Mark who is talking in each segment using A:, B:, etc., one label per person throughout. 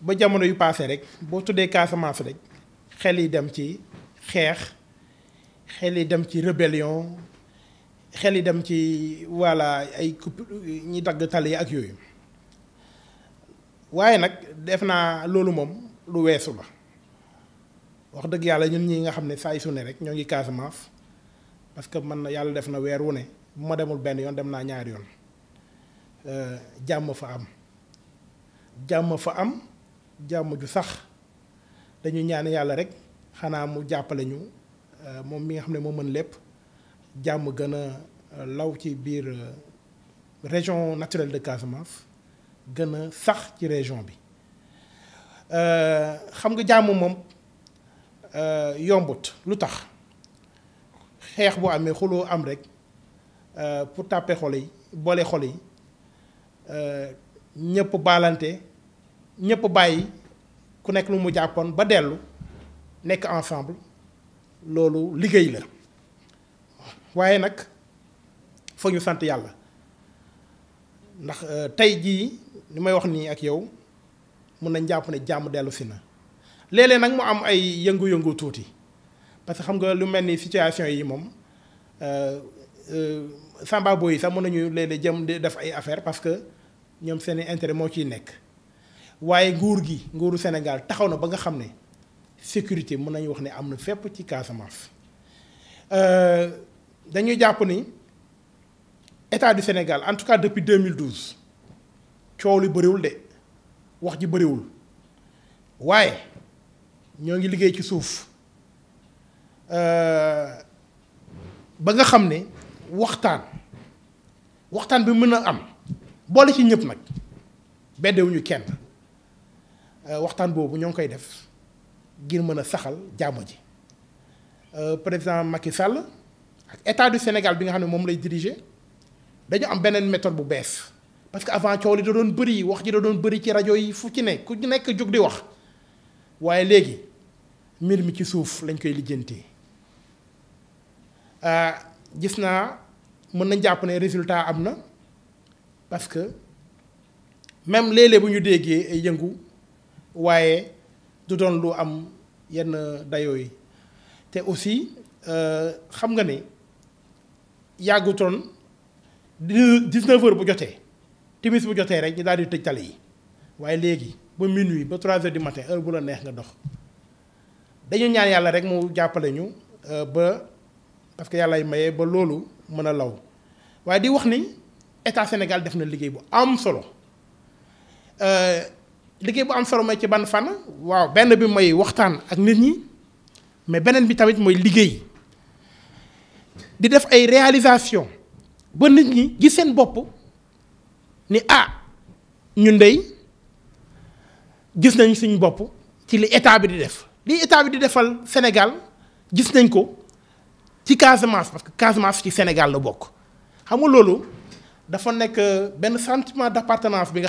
A: ba jamono yu paase rek boo tuddee Casamance rek xel yi dem ci xeex xel yi dem ci rébellion xel yi dem ci voilà ay coupe ñi dagg tali ak yooyu waaye nag def naa loolu moom lu weesu la wax dëgg yàlla ñun ñi nga xam ne saa su ne rek ñoo ngi Casamance parce que man na yàlla def na weer wu ne bu ma demul benn yoon dem naa ñaari yoon euh, jàmm fa am jàmm fa am jàmm ju sax dañu ñaan yàlla rek xanaa mu jàppale ñu euh, moom mi nga xam ne moo mën lépp jàmm gën a euh, law ci biir euh, région naturel de Casamance gën a sax ci région bi xam nga jàmm moom yombut lu tax xeex boo amee xuloo am rek pour tàppe xol yi boole xol yi ñëpp baalante ñëpp bàyyi ku nekk lu mu jàppoon ba dellu nekk ensemble loolu liggéey la waaye nag foog ñu sant yàlla ndax euh, tey jii ni may wax nii ak yow mun nañ jàpp ne jàmm dellu si na léeg nag mu am ay yëngu-yëngu tuuti parce que xam nga lu mel ni situation yi moom euh, euh, samba boy yi sax mën nañu léeg-léeg jëm di def ay affaire parce que ñoom seeni intérêt moo ciy nekk waaye nguur gi nguuru Sénégal taxaw na ba nga xam ne sécurité mën nañu wax ne am na fépp ci Casamance euh, dañuy jàpp ni état du Sénégal en tout cas depuis 2012 coow li bëriwul de wax ji bëriwul waaye ñoo ngi liggéey ci suuf euh, ba nga xam ne waxtaan waxtaan bi mën a am boole ci ñëpp nag beddewuñu kenn. Euh, waxtaan boobu ñoo ngi koy def ngir mën a saxal jàmm ji exemple euh, président i Sall ak état du Sénégal bi nga xam ne moom lay diriger dañu am beneen méthode bu bees parce que avant coow li da doon bëri wax ji da doon bëri ci rajo yi fu ci ne ku nekk jóg di wax waaye léegi mbir mi ci suuf lañ koy lijjantee euh, gis naa mën nañ jàpp ne résultat am na parce que même léeg bu ñu déggee yëngu. waaye du doon lu am yenn dayoo yi te aussi euh, xam nga ne yàggutoon dix-neuf heures bu jotee timis bu jotee rek ñu daal di tëj tali yi waaye léegi ba minuit ba trois heures du matin heure bu la neex nga dox dañu ñaan yàlla rek mu jàppale ñu euh, ba parce que yàllaay maye ba loolu mën a law waaye di wax ni état Sénégal def na liggéey bu am solo. Euh, liggéey bu am solo mooy ci ban waaw benn bi mooy ak nit ñi mais beneen bi tamit di def ay réalisation ba nit ñi gis seen bopp ni ah ñun gis nañ suñu ci li état bi di def li état bi di defal Sénégal gis nañ ko ci parce que le ci Sénégal la bokk dafa euh, benn sentiment d'appartenance bi nga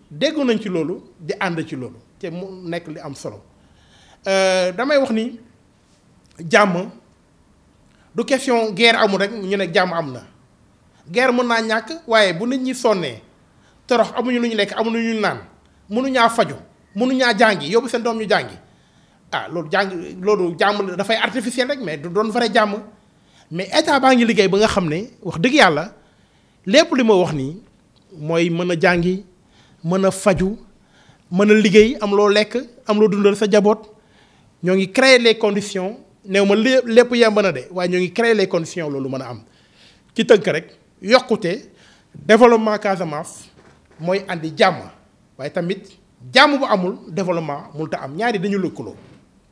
A: déggu nañ ci loolu di ànd ci loolu te mu nekk li am solo euh, damay wax ni jàmm du question guerre amul rek ñu ne jàmm am na guerre mën naa ñàkk waaye bu nit ñi sonnee torox amuñu lu ñu lekk amuñu lu ñu naan mënuñaa faju mënuñaa jàngi yóbbu seen doom ñu jàngi ah loolu jàng loolu jàmm dafay artificiel rek mais du doon vrai jàmm mais état baa ngi liggéey ba nga xam ne wax dëgg yàlla lépp li ma wax nii mooy mën a jàngi mën a faju mën a liggéey am loo lekk am loo dundal sa jaboot ñoo ngi créer les conditions néew ma lépp yemb na de waaye ñoo ngi créer les conditions loolu mën a am ci tënk rek yokkute développement Casamance mooy andi jàmm waaye tamit jàmm bu amul développement mul ta am ñaari dañu lëkkaloo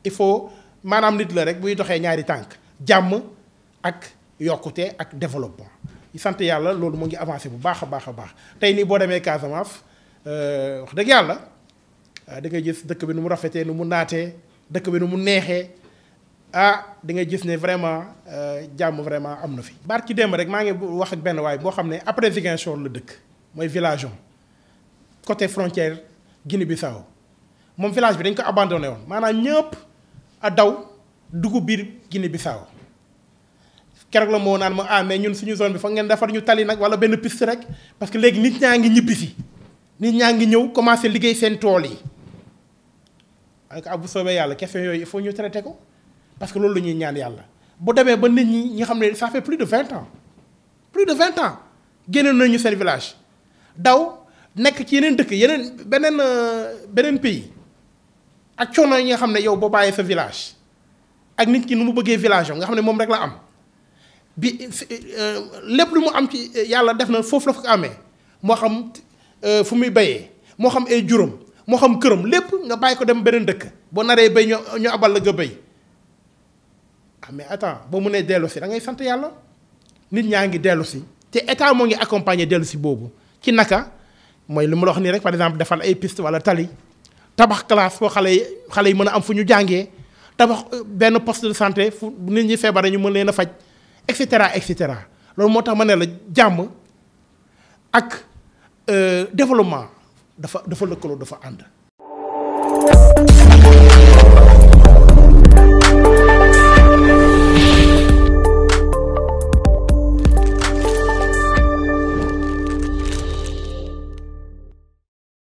A: il faut maanaam nit la rek buy doxee ñaari tànk jàmm ak yokkute ak développement yi sant yàlla loolu mu ngi avancé bu baax a baax a baax tey nii boo demee Casamance. Euh, wax dëgg yàlla ah, da nga gis dëkk bi nu mu rafetee ni mu naatee dëkk bi nu mu neexee ah dangay nga gis ne vraiment euh, jàmm vraiment am na fi. barki démb rek maa ngi wax ak benn waaye boo xam ne après Ziguinchor la dëkk mooy village am côté frontière Guinée-Bissau moom village bi dañ ko abandonné woon maanaam ñëpp a daw dugub biir Guinée-Bissau keroog la moo naan ma ah ñun suñu zone bi fa ngeen defar ñu tali nag wala benn piste rek parce que léegi nit ñaa ngi si nit ñaa ngi ñëw commencé liggéey seen tool yi ak ah bu soobee yàlla question yooyu il faut ñu traité ko parce que loolu la ñuy ñaan yàlla bu demee ba nit ñi ñi xam ne ça fait plus de 20 ans plus de 20 ans génne nañu seen village daw nekk ci yeneen dëkk yeneen beneen euh, beneen pays ak coono yi nga xam ne yow boo bàyyee sa village ak nit ki nu mu bëggee village nga xam ne moom rek la am bi euh, lépp lu mu am ci yàlla def na foofu la fa amee moo xam. Euh, fu muy baye mo xam ay jurum mo xam këram lepp nga bay ko dem benen dekk bo naré bay ñu abal la nga bay ah mais attends mu né délu ci da ngay sant yalla nit ñaangi délu ci té te état mo ngi accompagner délu ci bobu ci naka moy lu ma wax ni rek par exemple defal ay piste wala tali tabax classe ko xalé xalé mëna a am fu ñu jàngé tabax euh, ben poste de santé fu nit ñi feebaree ñu mëna leena a faj et cetera et cetera loolu moo tax la jamm ak Euh, développement dafa dafa lëkkaloo dafa ànd.